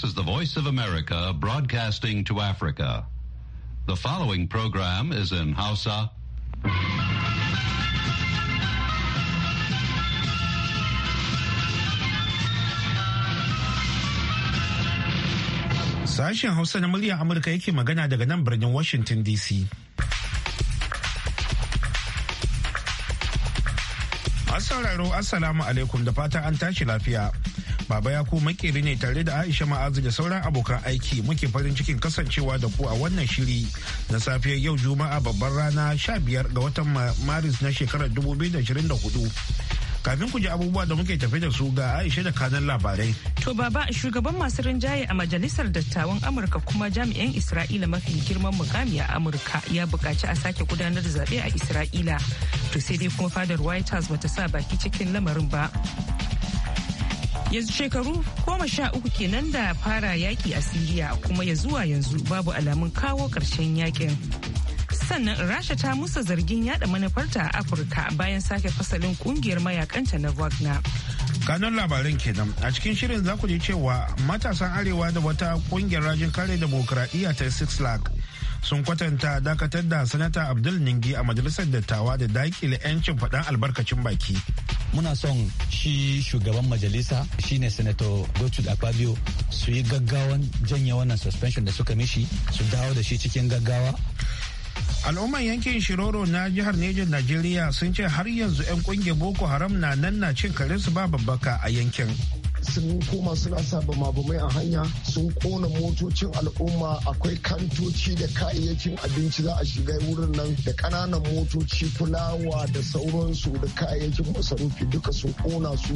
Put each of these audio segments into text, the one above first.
This is the Voice of America broadcasting to Africa. The following program is in Hausa. Sashen Hausa na muryar Amurka yake magana daga nan birnin Washington DC. Masu sauraro, Assalamu alaikum da fatan an tashi lafiya. Baba ya ku makeri ne tare da Aisha Ma'azu da sauran abokan aiki muke farin cikin kasancewa da ku a wannan shiri na safiyar yau Juma'a babbar rana 15 ga watan Maris na shekarar 2024. kafin ku ji abubuwa da muke tafe da su ga aisha da kanan labarai. To baba shugaban masu rinjaye a majalisar dattawan Amurka kuma jami'an Isra'ila mafi girman mukami a Amurka ya buƙaci a sake gudanar da zaɓe a Isra'ila. To sai dai kuma fadar White House bata sa baki cikin lamarin ba. yanzu shekaru goma sha uku kenan da fara yaki a siriya kuma ya zuwa yanzu babu alamun kawo ƙarshen yakin sannan rasha ta musa zargin yada manufarta a afirka bayan sake fasalin kungiyar mayakanta na wagner kanun labaran kenan a cikin shirin za ku ji cewa matasan arewa da wata kungiyar rajin kare demokuraɗiyya ta six lakh sun kwatanta dakatar da sanata abdul ningi a majalisar dattawa da dakile 'yancin faɗan albarkacin baki muna son shi shugaban majalisa shine senator gertrude akpabio su yi gaggawan janye wannan suspension da suka mishi su dawo da shi cikin gaggawa al'umman yankin shiroro na jihar Neja najeriya sun ce har yanzu 'yan kungiyar boko haram na nan na cin karinsu ba babbaka a yankin sun koma suna sa bamabamai a hanya sun kona motocin al'umma akwai kantoci da kayayyakin abinci za a shiga wurin nan da kananan motoci fulawa da sauransu da kayayyakin masarufi duka sun kona su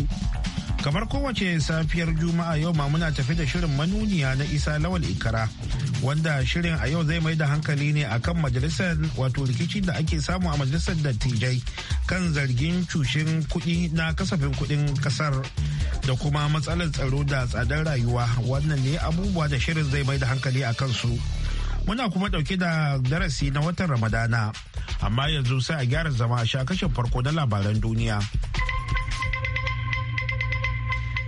kamar kowace safiyar juma'a yau ma muna tafi da shirin manuniya na isa lawal ikara wanda shirin a yau zai mai da hankali ne a kan majalisar wato rikici da ake samu a majalisar dattijai kan zargin cushin kuɗi na kasafin kuɗin kasar da kuma matsalar tsaro da tsadar rayuwa wannan ne abubuwa da shirin zai mai da hankali a kansu muna kuma dauke da darasi na watan ramadana amma yanzu sai a gyara zama a shakashin farko na labaran duniya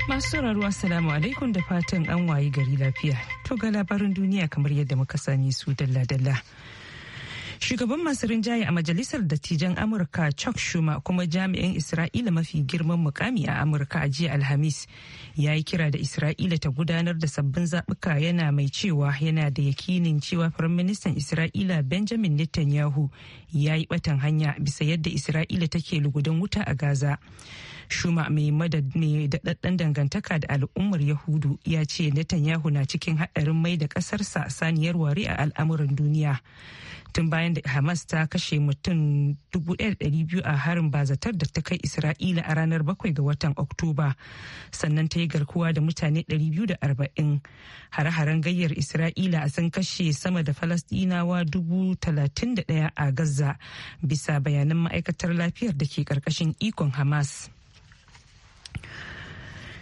masu sauraro assalamu alaikum da fatan an wayi gari lafiya to ga labarin duniya kamar yadda muka sani su dalla-dalla Shugaban masu rinjaye a Majalisar Dattijan Amurka Chuck Schumer kuma jami'in Isra'ila mafi girman mukami a Amurka a jiya Alhamis ya yi kira da Isra'ila ta gudanar da sabbin zaɓuka yana mai cewa yana da yakinin cewa Firaministan Isra'ila Benjamin Netanyahu ya yi batan hanya bisa yadda Isra'ila take lugudan wuta a Gaza. Shuma mai daɗaɗɗen dangantaka da al'ummar Yahudu ya ce Netanyahu na cikin haɗarin mai da ƙasarsa saniyar wari a al'amuran duniya. Tun bayan da Hamas ta kashe mutum 1,200 a harin bazatar da ta kai Isra'ila a ranar 7 ga watan Oktoba, sannan ta yi garkuwa da mutane 240. Hare-haren gayyar Isra'ila sun kashe sama da Falasɗinawa 31 a Gaza bisa bayanan ma'aikatar lafiyar da ke ƙarƙashin ikon Hamas.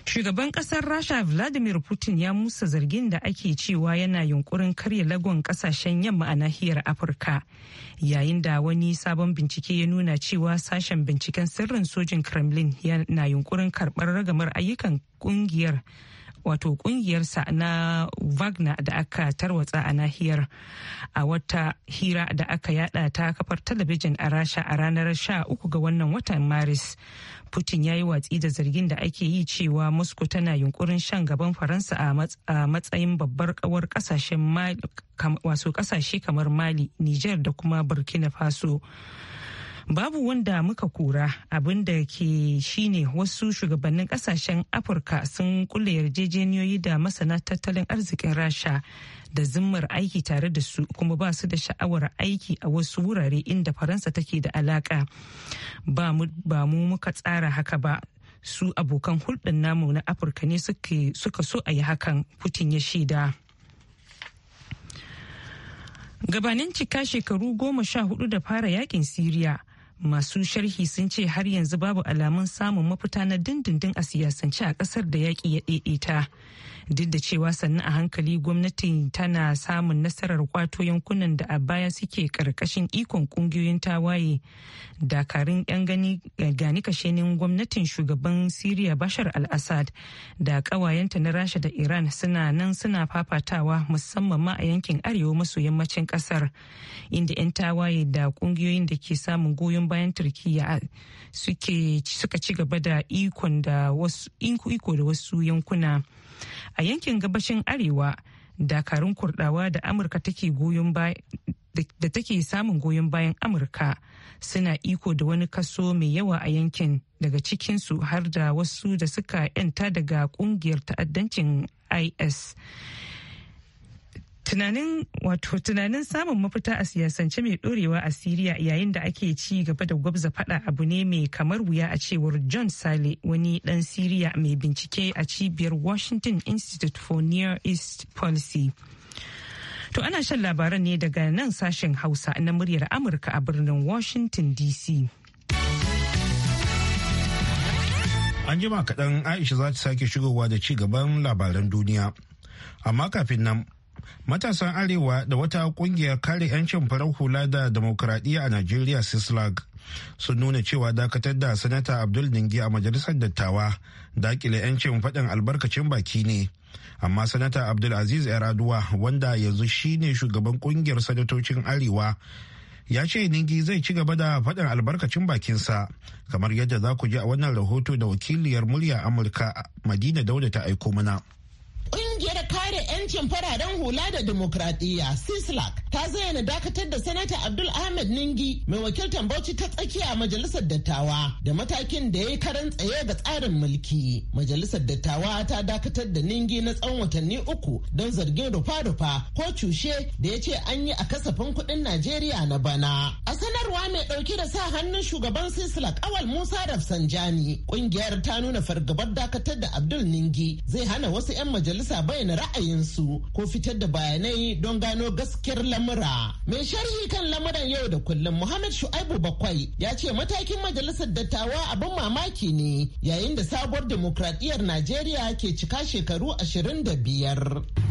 Shugaban kasar Rasha Vladimir Putin ya musa zargin da ake cewa yana yunkurin karya lagon kasashen yamma a nahiyar Afirka. Yayin da wani sabon bincike ya nuna cewa sashen binciken sirrin sojin Kremlin yana yunkurin karbar ragamar ayyukan kungiyar wato kungiyarsa na Wagner da aka tarwatsa a nahiyar a wata hira da aka yada ta kafar talabijin a Rasha a ranar 13 ga wannan watan Maris. putin ya yi watsi da zargin da ake yi cewa moscow tana yunkurin shan gaban faransa a matsayin babbar kawar kasashe kamar mali niger da kuma burkina faso babu wanda muka kura abin da ke shine wasu shugabannin kasashen afirka sun kulle yarjejeniyoyi da masana tattalin arzikin rasha da zimmar aiki tare da su kuma ba su da sha'awar aiki a wasu wurare inda faransa take da alaka ba mu muka tsara haka ba su abokan hulɗin namu na afirka ne suka so a yi hakan putin ya shaida. gabanin cika shekaru goma sha hudu da fara yakin siriya masu sharhi sun ce har yanzu babu alamun samun mafita na dindindin a siyasance a kasar da yaƙi ya ɗaiɗaita duk da cewa sannu a hankali gwamnati tana samun nasarar kwato yankunan da a baya suke karkashin ikon kungiyoyin tawaye dakarun yan gani kashenin gwamnatin shugaban siriya bashar al-assad da kawayenta na rasha da iran suna nan suna fafatawa musamman ma a yankin arewa maso yammacin kasar inda 'yan tawaye da kungiyoyin da ke samun goyon bayan turkiya suka ci gaba da ikon da wasu yankuna a yankin gabashin arewa dakarun kurdawa da amurka take goyon da take samun goyon bayan amurka suna iko da wani kaso mai yawa a yankin daga cikinsu har da wasu da suka yanta daga kungiyar ta'addancin is tunanin wato tunanin samun mafita a siyasance mai dorewa a siriya yayin da ake ci gaba da gwabza fada abu ne mai kamar wuya a cewar john sale wani dan siriya mai bincike a cibiyar washington institute for near east policy to ana shan labaran ne daga nan sashen hausa na muryar amurka a birnin washington dc an jima kaɗan aisha za ta sake shigowa da ci gaban labaran duniya amma kafin nan Matasan Arewa da wata kungiyar kare 'yancin farar hula da demokuraɗiyya a Najeriya Sislag sun nuna cewa dakatar da Sanata Abdul Ningi a Majalisar Dattawa dakile 'yancin faɗin albarkacin baki ne. Amma Sanata Abdul Aziz Yaraduwa wanda yanzu shine shugaban kungiyar sanatocin Arewa ya ce ningi zai ci gaba da faɗin albarkacin bakinsa kamar yadda za ku ji a wannan rahoto da wakiliyar murya amurka madina dauda ta aiko mana Kungiyar kare 'yancin fararen hula da demokradiyya, CISLAC, ta zayyana dakatar da sanata abdul ahmed ningi mai wakiltar bauchi ta tsakiya a majalisar dattawa da matakin da ya yi karan tsaye ga tsarin mulki majalisar dattawa ta dakatar da ningi na tsawon watanni uku don zargin rufa-rufa ko cushe da ya ce an yi a kasafin kuɗin najeriya na bana a sanarwa mai ɗauki da sa hannun shugaban sisila kawal musa rafsanjani ƙungiyar ta nuna fargabar dakatar da abdul ningi zai hana wasu 'yan majalisa bayyana ra'ayinsu ko fitar da bayanai don gano gaskiyar lamarin lamura. Mai sharhi kan lamuran yau da kullum Muhammad Shu'aibu Bakwai ya ce matakin majalisar dattawa abin mamaki ne yayin da sabuwar demokradiyyar Najeriya ke cika shekaru ashirin da biyar.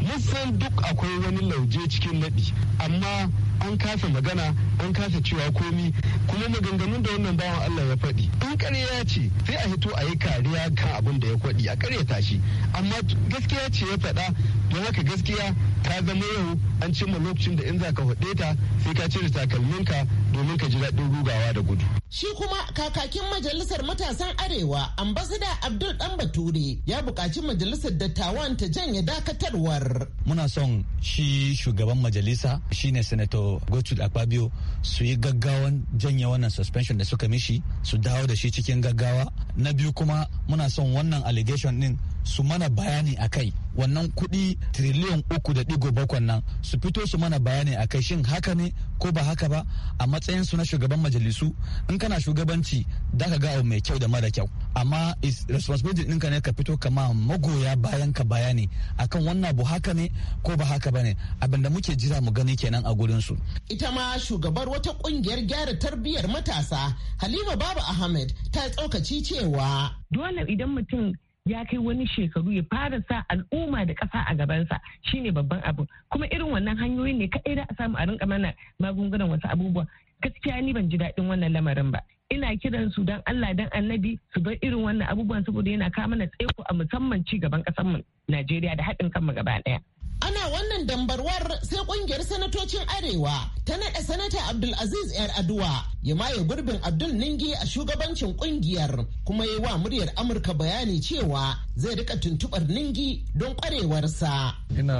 mun duk akwai wani lauje cikin naɗi amma an kasa magana an kasa cewa komi kuma maganganun da wannan bawan Allah ya faɗi in ya ce sai a hito a yi kariya kan abin da ya kwaɗi a ƙaryata shi amma gaskiya ce ya faɗa don haka gaskiya ta zama yau an cimma lokacin da in za ka faɗe ta sai ka cire takalminka domin ka ji daɗin gugawa da gudu. Shi kuma kakakin majalisar matasan Arewa, ambasada Abdul Dan Bature ya buƙaci majalisar dattawan ta janye dakatarwar. Muna son shi shugaban majalisa shine Senator Gertrude Akpabio su yi gaggawan janye wannan suspension da suka mishi su dawo da shi cikin gaggawa. Na biyu kuma muna son wannan allegation din su mana bayani a kai wannan kuɗi tiriliyan uku da ɗigo bakwan nan su fito su mana bayani a kai shin haka ne ko ba haka ba a matsayin su na shugaban majalisu in kana shugabanci da ka gawo mai kyau da mara kyau amma is responsibility ɗinka ne ka fito kama magoya bayan ka bayani akan wannan abu haka ne ko ba haka ba ne abinda muke jira mu gani kenan a gurin su. ita ma shugabar wata kungiyar gyara tarbiyyar matasa halima babu ahmed ta tsokaci cewa dole idan mutum ya kai wani shekaru ya fara sa al'umma da ƙasa a gabansa shine babban abu kuma irin wannan hanyoyin ne kaɗai da a samu a rinka mana magungunan wasu abubuwa gaskiya ni ban ji daɗin wannan lamarin ba ina kiran su dan Allah dan annabi su bar irin wannan abubuwan saboda yana kawo mana tsaiko a musamman ci gaban ƙasar mu Najeriya da haɗin kanmu gaba ɗaya. ana wannan dambarwar sai kungiyar sanatocin arewa ta naɗa sanata abdulaziz yar aduwa ya maye gurbin abdul ningi a shugabancin kungiyar kuma yi wa muryar amurka bayani cewa zai rika tuntubar ningi don kwarewarsa ina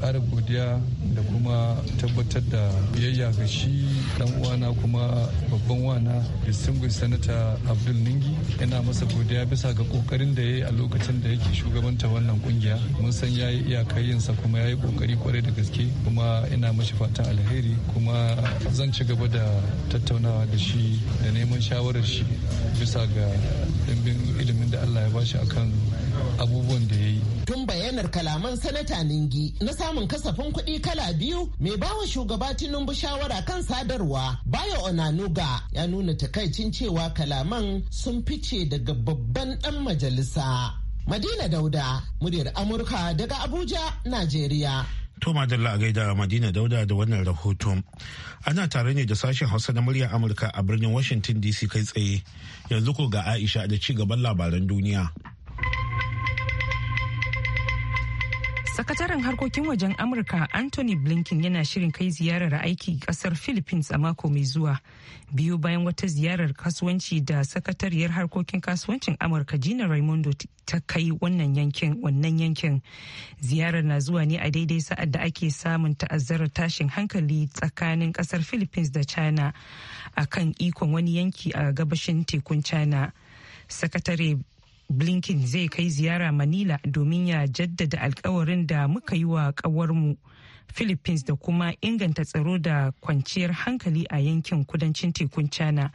kara godiya da kuma tabbatar da biyayya ga shi dan uwana kuma babban wana distinguished sanata abdul ningi ina masa godiya bisa ga kokarin da ya yi a lokacin da yake shugabanta wannan kungiya mun san ya yi iyakar yinsa kuma ya yi kokari kwarai da gaske kuma ina mashi fatan alheri kuma zan ci gaba da tattaunawa da shi da neman shawarar shi bisa ga dimbin ilimin da Allah ya bashi akan abubuwan da ya yi. Tun bayanar kalaman sanata Ningi na samun kasafin kuɗi kala biyu mai bawa shugaba Tinubu shawara kan sadarwa Bayo Onanuga ya nuna takaicin cewa kalaman sun fice daga babban ɗan majalisa. Madina Dauda, muryar Amurka daga Abuja, Najeriya. To Madalla a gaida Madina Dauda da wannan rahoton. Ana tare ne da sashen Hausa na muryar Amurka a birnin Washington DC kai tsaye. Yanzu ko ga Aisha da ci gaban labaran duniya. sakataren harkokin wajen amurka anthony blinken yana shirin kai ziyarar aiki kasar philippines a mako mai zuwa biyu bayan wata ziyarar kasuwanci da sakatariyar harkokin kasuwancin amurka gina raimondo ta kai wannan yankin wannan yankin ziyarar na zuwa ne a daidai sa'ad da ake samun ta'azzarar tashin hankali tsakanin kasar philippines da china a kan ikon wani yanki a gabashin tekun china sakatare blinken zai kai ziyara manila domin ya jaddada alkawarin da muka yi wa kawarmu philippines da kuma inganta tsaro da kwanciyar hankali a yankin kudancin tekun china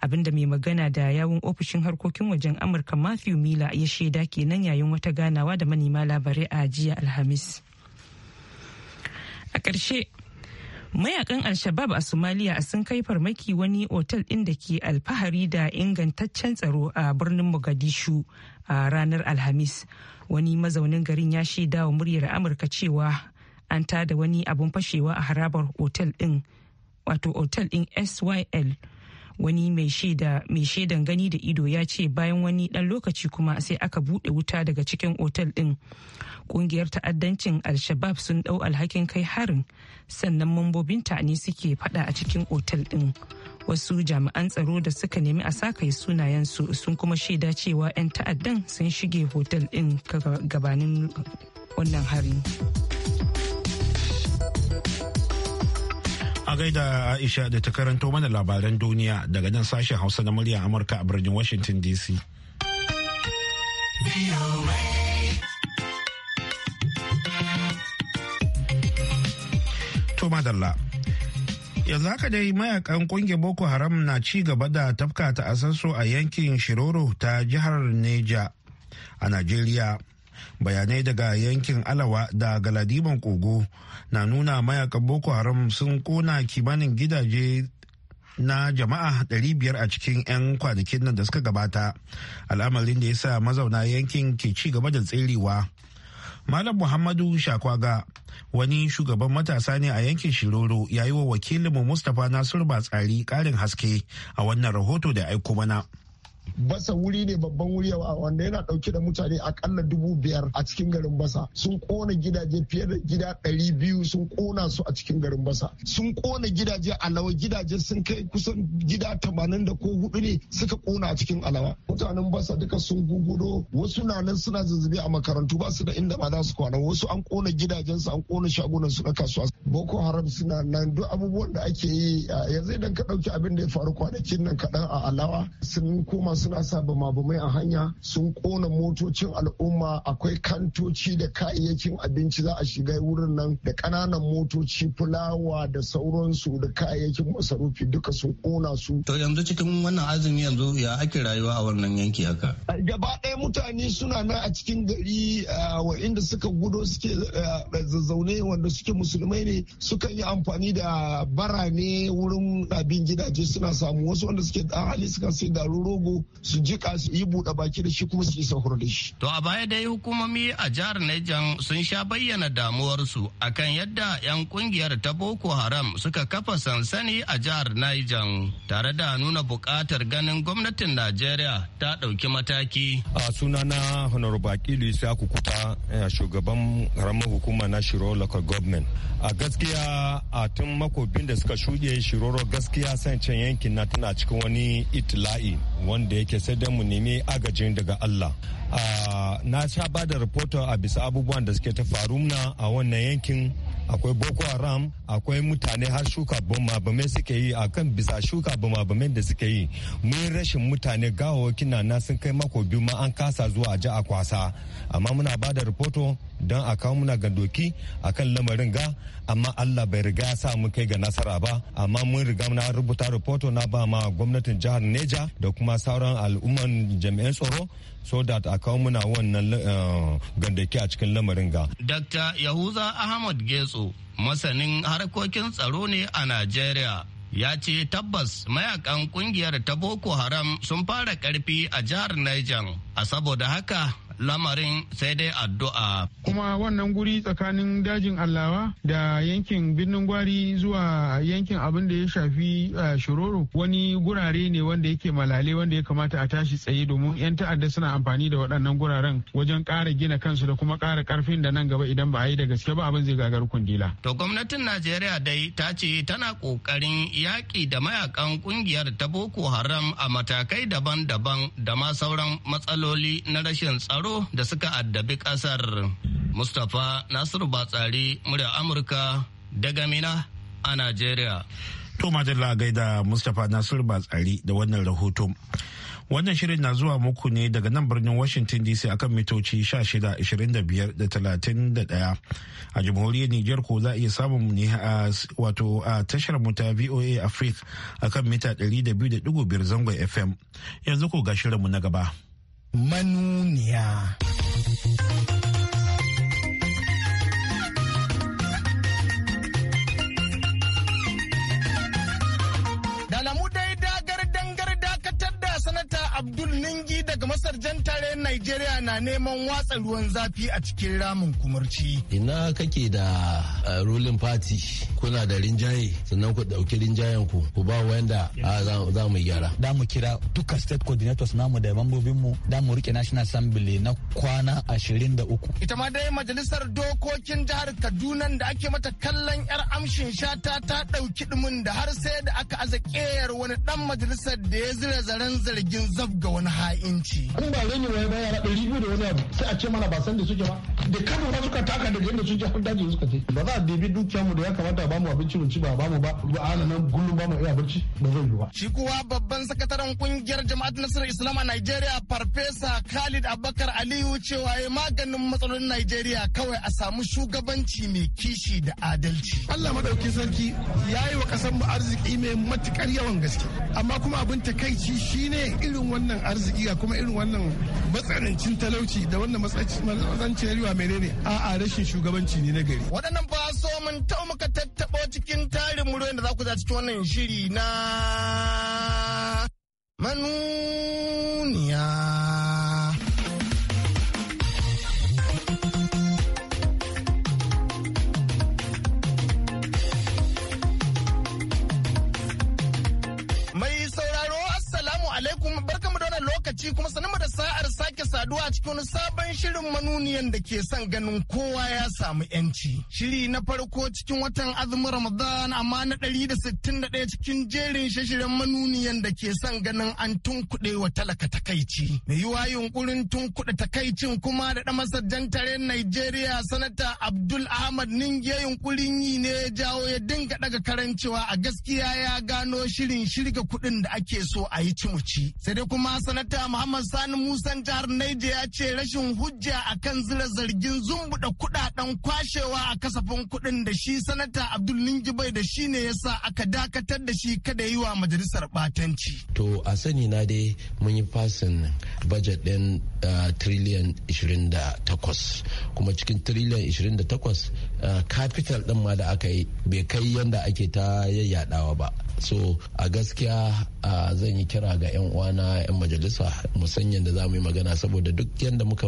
abinda mai magana da yawun ofishin harkokin wajen amurka matthew miller ya shaida kenan yayin wata ganawa da manema labarai a jiya alhamis a ƙarshe mayakan al-shabab a somalia sun kai farmaki wani otal ɗin da ke alfahari da ingantaccen tsaro a birnin mogadishu a ranar alhamis wani mazaunin garin ya shaida wa muryar amurka cewa an tada wani abun fashewa a harabar otal ɗin wato otal ɗin syl wani mai shaidan gani da ido ya ce bayan wani dan lokaci kuma sai aka bude wuta daga cikin otal din kungiyar ta'addancin al-shabab sun dau alhakin kai harin sannan mambobinta ne suke fada a cikin otal din wasu jami'an tsaro da suka nemi a sakai sunayensu sun kuma shaida cewa 'yan ta'addan sun shige otal din gabanin wannan harin. A gaida Aisha da ta karanto mana labaran duniya daga nan sashen Hausa na murya Amurka a birnin Washington DC. To yanzu haka dai mayakan kungiyar boko haram na ci gaba da tafka ta asasu a yankin shiroro ta jihar neja a najeriya bayanai daga yankin alawa da galadiban kogo na nuna mayakan boko haram sun kona kimanin gidaje na jama'a 500 a cikin 'yan kwanakin nan da suka gabata al'amarin da ya sa mazauna yankin ke ci gaba da tserewa malam muhammadu shakwaga wani shugaban matasa ne a yankin shiroro ya yi wa wakilinmu mustapha nasiru batsari karin haske a wannan rahoto da aiko mana. basa wuri ne babban wuri a wanda yana dauke da mutane akalla dubu biyar a cikin garin basa sun kona gidaje fiye da gida ɗari biyu sun kona su a cikin garin basa sun kona gidaje alawa gidaje sun kai kusan gida tamanin da ko hudu ne suka kona a cikin alawa mutanen basa duka sun gugudo wasu na nan suna zazzabi a makarantu ba su da inda ba za su kwana wasu an kona gidajensu an kona shagunansu na kasuwa boko haram suna nan duk abubuwan da ake yi yanzu idan ka ɗauki abin da ya faru kwanakin nan kaɗan a alawa sun koma suna sa bamabamai a hanya sun kona motocin al'umma akwai kantoci da kayayyakin abinci za a shiga wurin nan da kananan motoci fulawa da sauransu da kayayyakin masarufi duka sun kona su. To yanzu cikin wannan azumi yanzu ya ake rayuwa a wannan yanki haka? Gaba ɗaya mutane suna nan a cikin gari wa inda suka gudo suke zazzaune wanda suke musulmai ne sukan yi amfani da bara ne wurin abin gidaje suna samu wasu wanda suke da hali suka sai da rogo su jika su yi buɗe baki da shi kuma su yi sahur da shi. To a baya dai hukumomi a jihar Niger sun sha bayyana damuwarsu akan yadda 'yan kungiyar ta Boko Haram suka kafa sansani a jihar Niger tare da nuna buƙatar ganin gwamnatin Najeriya ta ɗauki mataki. A sunana Honorable Akilu Isaku Kuta eh, shugaban karamar hukuma na Shiro Local Government. A gaskiya a tun makobin da suka shuɗe Shiroro gaskiya sancen yankin na tana cikin wani itila'i wanda yake sai dai mu nemi agajin daga Allah. Ah, na sha ba da rahoton a bisa abubuwan da suke ta faru a wannan yankin akwai boko haram akwai mutane har shuka bame suke yi akan bisa shuka bame da suke yi mun rashin mutane gawawakin na na sun kai mako biyu ma an kasa zuwa a ji a kwasa amma muna ba da rahoto don a kawo muna gandoki akan lamarin ga amma allah bai riga ya sa mu kai ga nasara ba amma mun riga muna rubuta rahoto na ba ma gwamnatin jihar neja da kuma sauran al'umman jami'an tsaro so that a kawo muna wannan eh, gandaki a cikin lamarin ga. Dr. Yahuza Ahmad Getso masanin harkokin tsaro ne a Najeriya. Ya ce tabbas mayakan kungiyar ta Boko Haram sun fara karfi a jihar Niger, a saboda haka lamarin sai dai addu'a. Kuma wannan guri tsakanin dajin Allawa da yankin birnin gwari zuwa yankin abin da ya shafi eh, shiroro wani gurare ne wanda yake malale wanda ya kamata a tashi tsaye domin 'yan ta'adda suna amfani da waɗannan guraren wajen ƙara gina kansu da kuma ƙara ƙarfin da nan gaba idan ba a yi da gaske ba abin zai gagar kundila. To gwamnatin Najeriya dai ta ce tana ƙoƙarin yaƙi da mayakan ƙungiyar ta Boko Haram a matakai daban-daban da ma sauran matsaloli na rashin tsaro tsaro da suka addabi ƙasar. Mustapha Nasiru Batsari murya Amurka daga Mina a Najeriya. To Majalla gaida Mustapha Nasiru Batsari da wannan rahoto. Wannan shirin na zuwa muku ne daga nan birnin Washington DC akan mitoci 16, da 31. A jamhuriyar Nijar ko za a iya samun ne a wato a tashar mu ta VOA Africa akan mita 200.5 zangon FM. Yanzu ko ga shirinmu na gaba. manuniya. daga masarjan tare Najeriya na neman watsa ruwan zafi a cikin ramin kumurci. Ina kake da uh, ruling party kuna da rinjaye sannan ku dauki rinjayen ku ku ba wanda za mu gyara. Da mu kira duka state coordinators namu da mambobin mu da mu rike National Assembly na kwana 23. Ita ma dai majalisar dokokin jihar Kaduna da ake mata kallon yar amshin shata ta dauki dumin da har sai da aka aza wani dan majalisar da ya zira zaren zargin zabga wani ha'in hukunci kun ba rani waye ba yara ɗari biyu da wani abu sai a ce mana ba san da suke ba da kano ba suka taka daga yadda suke har daji suka ce ba za a bibi dukiyar mu da ya kamata ba mu abinci mu ci ba ba mu ba ba a nan gullum ba mu iya abinci ba zai yi ba shi kuwa babban sakataren kungiyar jama'at nasarar islam a Najeriya farfesa Khalid Abubakar Aliyu cewa ya maganin matsalolin Najeriya kawai a samu shugabanci mai kishi da adalci Allah madauki sarki ya yi wa kasan mu arziki mai matukar yawan gaske amma kuma abin takaici shine irin wannan arziki ga kuma zama irin wannan matsanancin talauci da wannan matsanancin riwa menene a'a rashin shugabanci ne na gari waɗannan ba so mun tau muka tattaɓo cikin tarin muryoyin da za ku za cikin wannan shiri na manu lokaci kuma sanmu da sa'ar sake saduwa cikin wani sabon shirin manuniyan da ke son ganin kowa ya samu yanci. Shiri na farko cikin watan azumin Ramadan amma na ɗari da sittin da ɗaya cikin jerin shashiren manuniyan da ke son ganin an tunkuɗe wa talaka takaici. Mai yiwa yunkurin tunkuɗe takaicin kuma da ɗan masarjan tare Najeriya sanata Abdul Ahmad Ningiya yunkurin yi ne ya jawo ya dinga daga karancewa a gaskiya ya gano shirin shirga kuɗin da ake so a yi cimuci. Sai dai kuma sanata Muhammad Sani Musan jihar Naija ya ce rashin hujja akan zira zargin zumbuɗa kuɗaɗen kwashewa a kasafin kuɗin da shi sanata Abdul Ningibai da shi ne ya sa aka dakatar da shi kada yi wa majalisar batanci. To a sani na dai mun yi fasin bajet ɗin ah, triliyan 28 kuma cikin triliyan 28 Eh, capital din ma da aka yi bai kai yadda ake ta yayyadawa ba so a gaskiya eh, zan yi kira ga 'yan uwana 'yan majalisa musanyan da za mu yi magana saboda duk yadda muka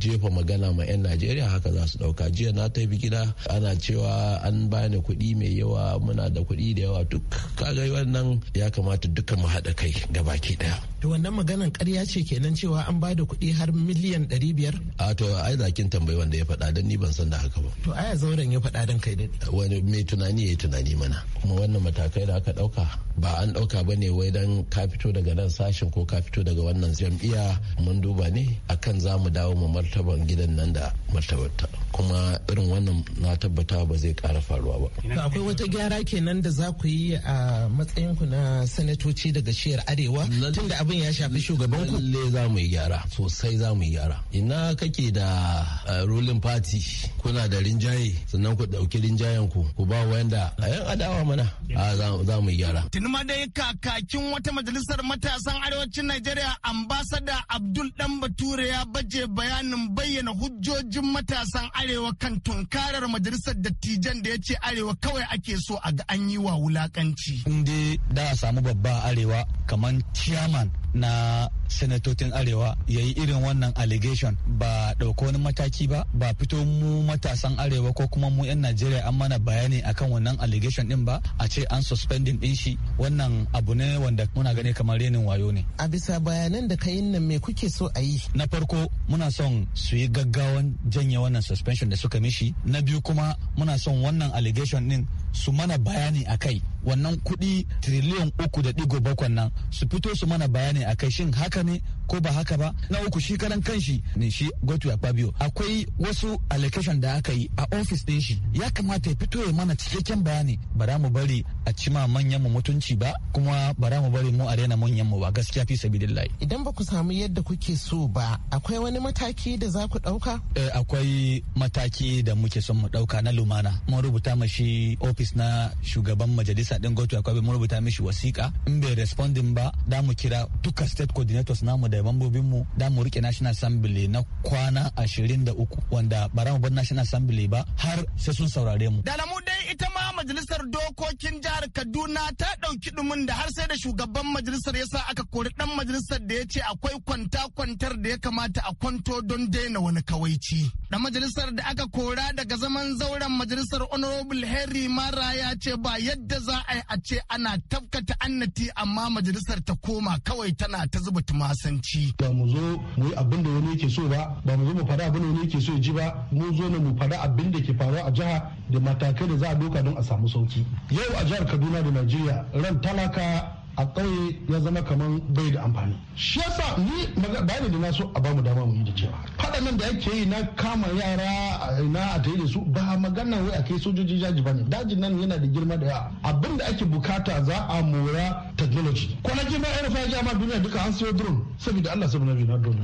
jefa magana ma 'yan najeriya haka za su dauka jiya na tafi gida ana cewa an bani kuɗi mai yawa muna da kuɗi da yawa duk kaga wannan ya kamata duka mu haɗa kai gabaki ɗaya to wannan maganan ƙarya ce kenan cewa an bada kuɗi har miliyan 500 a to ai zakin tambayi wanda ya faɗa don ni ban san da haka ba to ai jagoran ya faɗa dan kai daɗi. wani mai tunani ya yi tunani mana kuma wannan matakai da aka ɗauka ba an ɗauka ba ne wai don ka fito daga nan sashen ko ka fito daga wannan jam'iyya mun duba ne akan za mu dawo mu martaban gidan nan da martabarta kuma irin wannan na tabbata ba zai ƙara faruwa ba. akwai wata gyara kenan da za ku yi a matsayin ku na sanatoci daga shiyar arewa tunda abin ya shafi shugaban ku. lalle za mu yi gyara sosai za mu yi gyara ina kake da eh, ruling party kuna da rinjaye sannan ku dauki rinjayen ku ku ba wanda a yan adawa mana a za mu gyara. Tuni ma dai kakakin wata majalisar matasan arewacin Najeriya ambasada Abdul Dan Bature ya baje bayanin bayyana hujjojin matasan arewa kan tunkarar majalisar dattijan da ya ce arewa kawai ake so a ga an yi wa wulakanci. In dai da a samu babba arewa kamar chairman na sanatocin arewa ya yi irin wannan allegation ba ɗauko wani mataki ba ba fito mu matasan arewa ko kuma mu 'yan najeriya an mana bayani akan wannan allegation din ba a ce an suspending din shi wannan abu ne wanda muna gani kamar renin wayo ne a bisa bayanan da kayin nan me kuke so a yi na farko muna son su yi gaggawan janye wannan suspension da suka mishi na biyu kuma muna son wannan allegation din su mana bayani a kai wannan kuɗi tiriliyan uku da digo bakwai nan su fito su mana bayani a kai shin haka ne ko ba haka ba na uku shi karan kanshi ne shi Gotu kwabiyo akwai wasu allocation da aka yi a office din shi ya kamata ya fito ya mana cikakken bayani bara mu bari a cima manyan mu mutunci ba kuma bara mu bari mu a manyan mu ba gaskiya fi sabilillahi idan ba ku samu yadda kuke so ba akwai wani mataki da za ku dauka eh, akwai mataki da muke son mu dauka na lumana mun rubuta mashi office na shugaban majalisa din Gotu kwabiyo mun rubuta mishi wasiƙa in bai responding ba da mu kira duka state coordinators namu da da eh, mu da mu rike national assembly na kwana ashirin da uku wanda ba mu bar national assembly ba har sai sun saurare mu da lamu dai ita majalisar dokokin jihar Kaduna ta ɗauki ɗumin da har sai da shugaban majalisar ya sa aka kori ɗan majalisar da ya ce akwai kwanta kwantar da ya kamata a kwanto don daina wani kawaici. Ɗan majalisar da aka kora daga zaman zauren majalisar Honorable Henry Mara ya ce ba yadda za a yi a ce ana tafkata annati amma majalisar ta koma kawai tana ta zuba tumasanci. Ba mu zo mu yi abin da wani yake so ba, ba mu zo mu faɗa abin da wani yake so ya ji ba, mu zo ne mu faɗa abin da ke faruwa a jiha da matakai da za a doka don a samu sauki yau a jihar kaduna da najeriya ran talaka a ƙauye ya zama kamar bai da amfani shi yasa ni bani da na so a bamu dama mu yi da cewa faɗanan da ake yi na kama yara na a tayi da su ba magana wai a kai sojoji jaji ne dajin nan yana da girma da yawa abin da ake bukata za a mora technology kwanakin ba irin fa jama duniya duka an siyo drone saboda allah sabu nabi na drone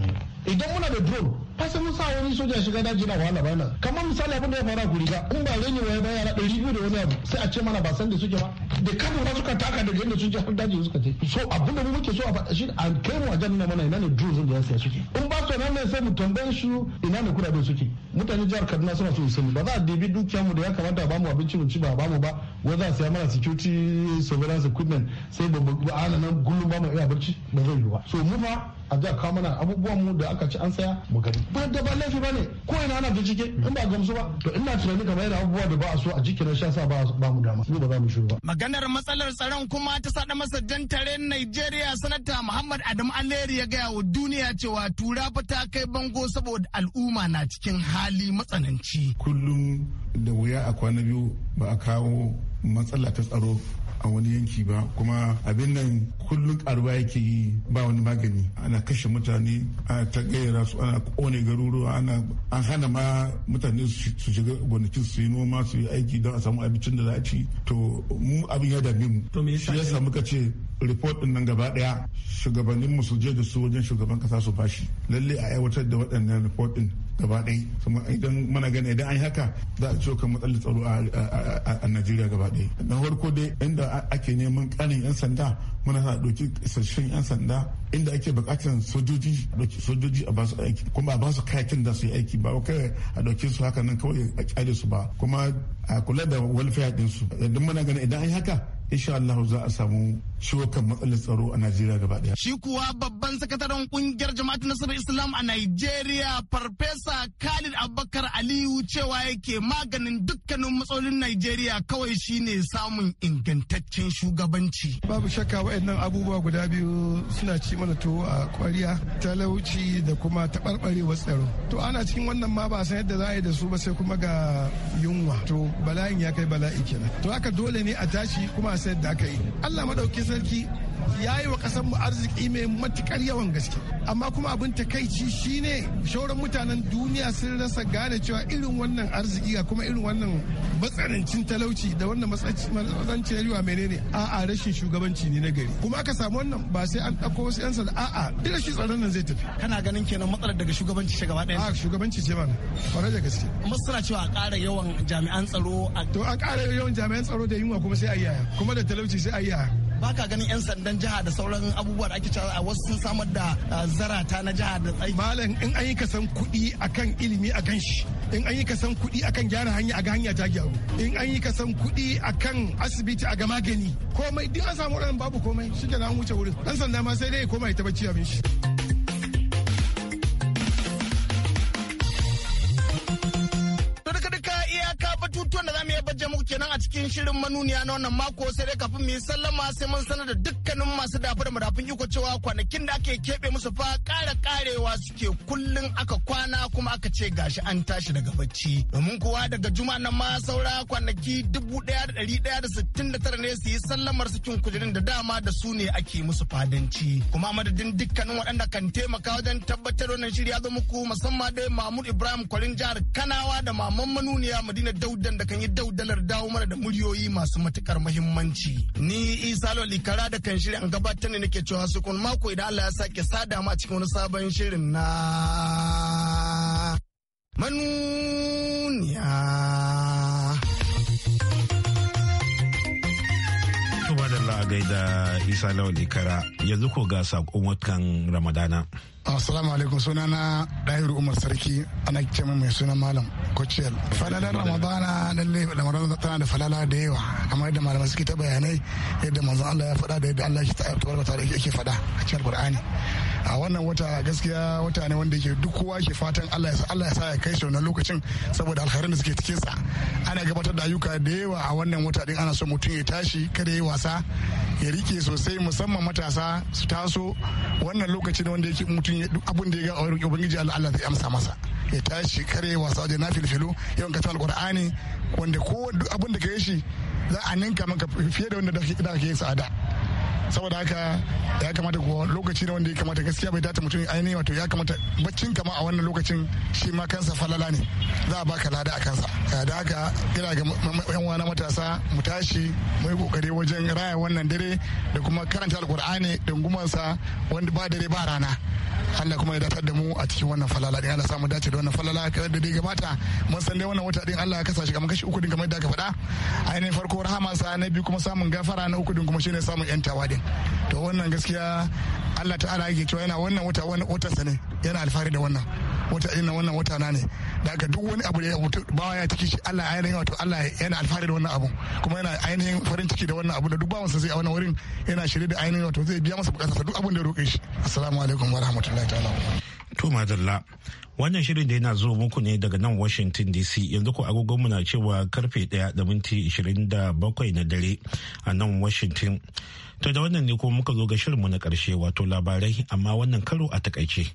idan muna da drone fasa mun sa wani soja shiga daji na wahala ba na kamar misali abin da ya fara guri ga in ba rani waye ba yara 200 da wani abu sai a ce mana ba san da suke ba da kafin ba suka taka daga inda sun je har daji suka je. so abin da muke so a faɗa shi an kai mu a janna mana ina ne drone da ya saya suke in ba su nan ne sai mu tambaye shi ina ne kudaden suke mutane jihar kaduna suna so su ba za a debi dukiyar mu da ya kamata ba mu abinci mu ci ba ba mu ba wai za a siya mana security surveillance equipment sai ba ana nan gullum ba mu iya barci ba zai yiwu so mu fa a da kawo mana abubuwan mu da aka ci an saya mu gani ba da ba laifi ba ne ko ina ana cike in ba gamsu ba to ina tunani kamar yana abubuwa da ba a so a jiki na sha sa ba ba mu dama ni ba za mu shiru ba maganar matsalar tsaron kuma ta sada masa jan tare Najeriya sanata Muhammad Adam Aleri ya gaya wa duniya cewa tura fa ta kai bango saboda al'umma na cikin hali matsananci kullum da wuya a kwana biyu ba a kawo matsala ta tsaro a wani yanki ba kuma abin nan kullum karuwa yake yi ba wani magani ana kashe mutane ana ta gayyara su ana kone garuruwa ana an hana ma mutane su shiga gonakin su yi noma su yi aiki don a samu abincin da za a ci to mu abin ya dame mu shi samu ka ce report din nan gaba daya shugabannin mu su je da su wajen shugaban kasa su bashi lalle a aiwatar da waɗannan report din gaba ɗaya idan mana gani idan an yi haka za a ciwo kan matsalar tsaro a najeriya gaba ɗaya na farko dai inda ake neman ƙarin 'yan sanda muna sa ɗauki isasshen 'yan sanda inda ake buƙatar sojoji ɗauki sojoji a basu aiki kuma a basu kayakin da su yi aiki ba kai a ɗauki su haka nan kawai a kyale su ba kuma a kula da welfare ɗinsu idan mana gani idan an yi haka insha Allah za a samu ciwokan matsalar tsaro a Najeriya gaba daya. Shi kuwa babban sakataren kungiyar jama'at nasarar Islam a Najeriya Farfesa Khalid Abubakar Aliyu cewa yake maganin dukkanin matsalolin Najeriya kawai shine samun ingantaccen shugabanci. Babu shakka waɗannan abubuwa guda biyu suna ci mana tuwo a kwariya talauci da kuma taɓarɓarewa tsaro. To ana cikin wannan ma ba san yadda za a yi da su ba sai kuma ga yunwa. To bala'in ya kai bala'i kenan. To haka dole ne a tashi kuma ba sayar da aka yi allah madaukin sarki ya yi wa ƙasarmu arziki mai matukar yawan gaske amma kuma abin takaici shine shauran mutanen duniya sun rasa gane cewa irin wannan arziki ga kuma irin wannan matsanancin talauci da wannan matsanancin yariwa menene a'a rashin shugabanci ne na gari kuma aka samu wannan ba sai an ɗauko wasu 'yan sanda a'a duk rashin tsaron nan zai tafi kana ganin kenan matsalar daga shugabanci ce gaba ɗaya a shugabanci ce mana kwarai da gaske masana cewa a ƙara yawan jami'an tsaro a. to an ƙara yawan jami'an tsaro da yunwa kuma sai a yaya kuma da talauci sai a yaya baka ganin yan sandan jiha da sauran abubuwa da ake cewa a wasu sun samar da ah, zarata na jiha da tsaye. malam in an yi kasan kuɗi akan ilimi a kan shi in an yi kasan kuɗi akan gyara hanya a ga hanya ta gyaru in an yi kasan kuɗi akan asibiti a ga magani komai duk an samu waɗannan babu komai shi ke na wuce wurin dan sanda ma sai dai ya koma ya ta bacci abin shi kenan a cikin shirin manuniya na wannan mako sai dai kafin mu yi sallama sai mun sanar da dukkanin masu dafa da madafin iko cewa kwanakin da ake keɓe musu fa ƙara ƙarewa suke kullum aka kwana kuma aka ce gashi an tashi daga bacci domin kuwa daga juma na ma saura kwanaki dubu ɗaya da ɗari ɗaya da sittin da tara ne su yi sallamar sakin kujerun da dama da su ne ake musu fadanci kuma madadin dukkanin waɗanda kan taimaka wajen tabbatar wannan shiri ya zo muku musamman dai mahmud ibrahim kwarin jihar kanawa da maman manuniya madina daudan da kan yi daudalar da dawo mana da muryoyi masu matukar muhimmanci. Ni Isa Loli kara da kan an gabatar ne nake cewa su kun mako idan Allah ya sake sada ma cikin wani sabon shirin na manuniya. Tuba da da Isa Lawal Ikara yanzu ko ga sakon watan Ramadana. Assalamu alaikum na Dahiru Umar Sarki ana ce mai suna malam Kuchel. Falalar Ramadana lalle Ramadana tana da falala da yawa amma yadda malamai suke ta bayanai yadda manzo Allah ya faɗa da yadda Allah ya tabbata da yake faɗa a cikin Al-Qur'ani. A wannan wata gaskiya wata ne wanda yake duk kowa ke fatan Allah ya sa Allah ya sa ya kai shi wannan lokacin saboda alkhairin da suke cikin sa. Ana gabatar da ayyuka da yawa a wannan wata din ana so mutum ya tashi kada ya yi wasa ya rike sosai musamman matasa su taso wannan lokacin wanda wanda yake mutum mutum duk abin da ya ga a wurin ubangiji Allah zai amsa masa ya tashi kare wasa wajen na filfilo yawan ka alkur'ani wanda ko duk abin da ka yi shi za a ninka maka fiye da wanda da yi sa'ada saboda haka ya kamata ko lokaci na wanda ya kamata gaskiya bai dace mutum ainihin wato ya kamata baccin kama a wannan lokacin shi ma kansa falala ne za a baka lada a kansa da haka ina ga yan uwa matasa mu tashi mu yi kokari wajen raya wannan dare da kuma karanta alkur'ani dungumansa wanda ba dare ba rana Allah kuma ya datar da mu a cikin wannan falala din Allah samu dace da wannan falala kamar da dai gabata mun san dai wannan wata din Allah ya kasa shi kamar kashi uku din kamar yadda aka faɗa ainihin farko rahama sa na biyu kuma samun gafara na uku din kuma shine samun yantawa din din to wannan gaskiya Allah ta'ala yake cewa yana wannan wata wata sane yana alfahari da wannan wata ina wannan wata na ne da duk wani abu da ya mutu bawa ya ciki shi Allah ainihin wato Allah yana alfahari da wannan abu kuma yana ainihin farin ciki da wannan abu da duk bawansa zai a wannan wurin yana shirye da ainihin wato zai biya masa bukatarsa duk abin da ya roƙe shi assalamu alaikum wa rahmatullahi ta'ala To madalla, wannan shirin da yana zo muku ne daga nan Washington DC yanzu ku agogonmu na cewa karfe ɗaya da minti 27 na dare a nan Washington. To da wannan ne kuma muka zo ga shirinmu na karshe wato labarai amma wannan karo a takaice.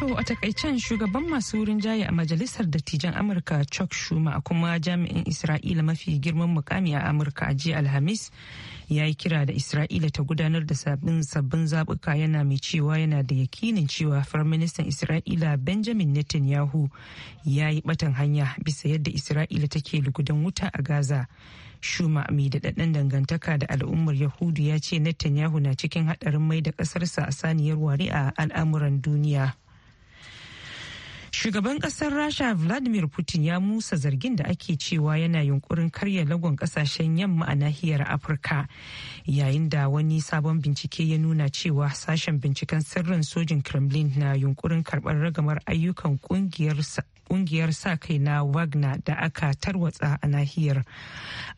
To a takaicen shugaban masu wurin jaye a majalisar dattijan Amurka Chuck Schumer a kuma jami'in Isra'ila mafi girman mukami a Amurka a jiya Alhamis ya yi kira da Isra'ila ta gudanar da sabbin sabbin zabuka yana mai cewa yana da yakinin cewa Firaministan Isra'ila Benjamin Netanyahu ya yi batan hanya bisa yadda Isra'ila take lugudan wuta a Gaza. Shuma mai daɗaɗɗen dangantaka da al'ummar Yahudu ya ce Netanyahu na cikin haɗarin mai da ƙasarsa a saniyar wari a al'amuran duniya. Shugaban kasar Rasha Vladimir Putin ya musa zargin da ake cewa yana yunkurin karya lagon kasashen yamma a nahiyar Afirka. Yayin da wani sabon bincike ya nuna cewa sashen binciken sirrin sojin Kremlin na yunkurin karɓar ragamar ayyukan kungiyar kungiyar sa kai na wagner da aka tarwatsa a nahiyar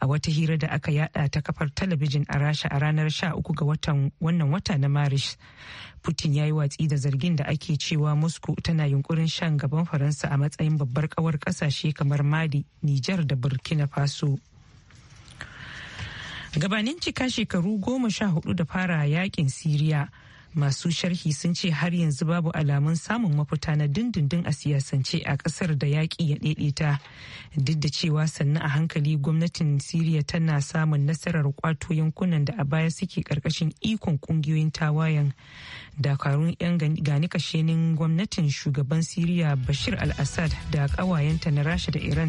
a wata hira da aka yada ta kafar talabijin a rasha a ranar 13 ga watan wannan wata na maris putin ya yi watsi da zargin da ake cewa moscow tana yunkurin shan gaban faransa a matsayin babbar kawar kasashe kamar mali nijar da burkina faso gabanin cika shekaru goma sha hudu da fara yakin siriya masu sharhi sun ce har yanzu babu alamun samun mafuta na dindindin a siyasance a kasar da yaƙi ya ɗaiɗaita duk da cewa sannu a hankali gwamnatin siriya tana samun nasarar kwato yankunan da a baya suke ƙarƙashin ikon ƙungiyoyin tawayen dakarun 'yan gani kashenin gwamnatin shugaban siriya bashir al-assad da ƙawayenta na rasha da iran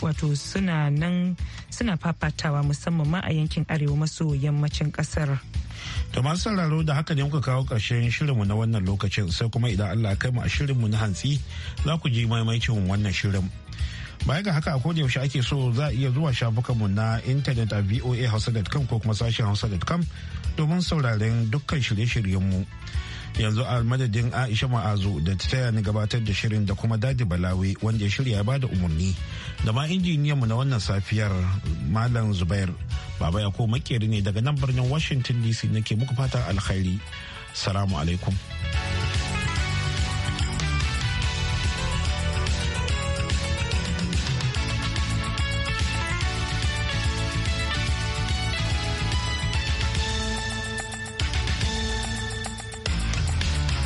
wato suna nan suna fafatawa musamman ma a yankin arewa maso yammacin ƙasar. To masu sauraro da haka ne muka kawo ƙarshen shirinmu na wannan lokacin sai kuma idan Allah kai mu a shirinmu na hantsi za ku ji maimaicin wannan shirin. Baya ga haka a koda yaushe ake so za a iya zuwa shafukanmu na intanet a voa hausa.com ko kuma sashen hausa.com domin sauraren dukkan shirye-shiryenmu. mu. yanzu a madadin aisha ma'azu da ta taya ni gabatar da shirin da kuma dadi balawi wanda ya shirya ya ba da umarni da ma injiniyanmu na wannan safiyar malam zubair baba ya ko makeri ne daga nan birnin washington dc nake muku fatan alkhairi salamu alaikum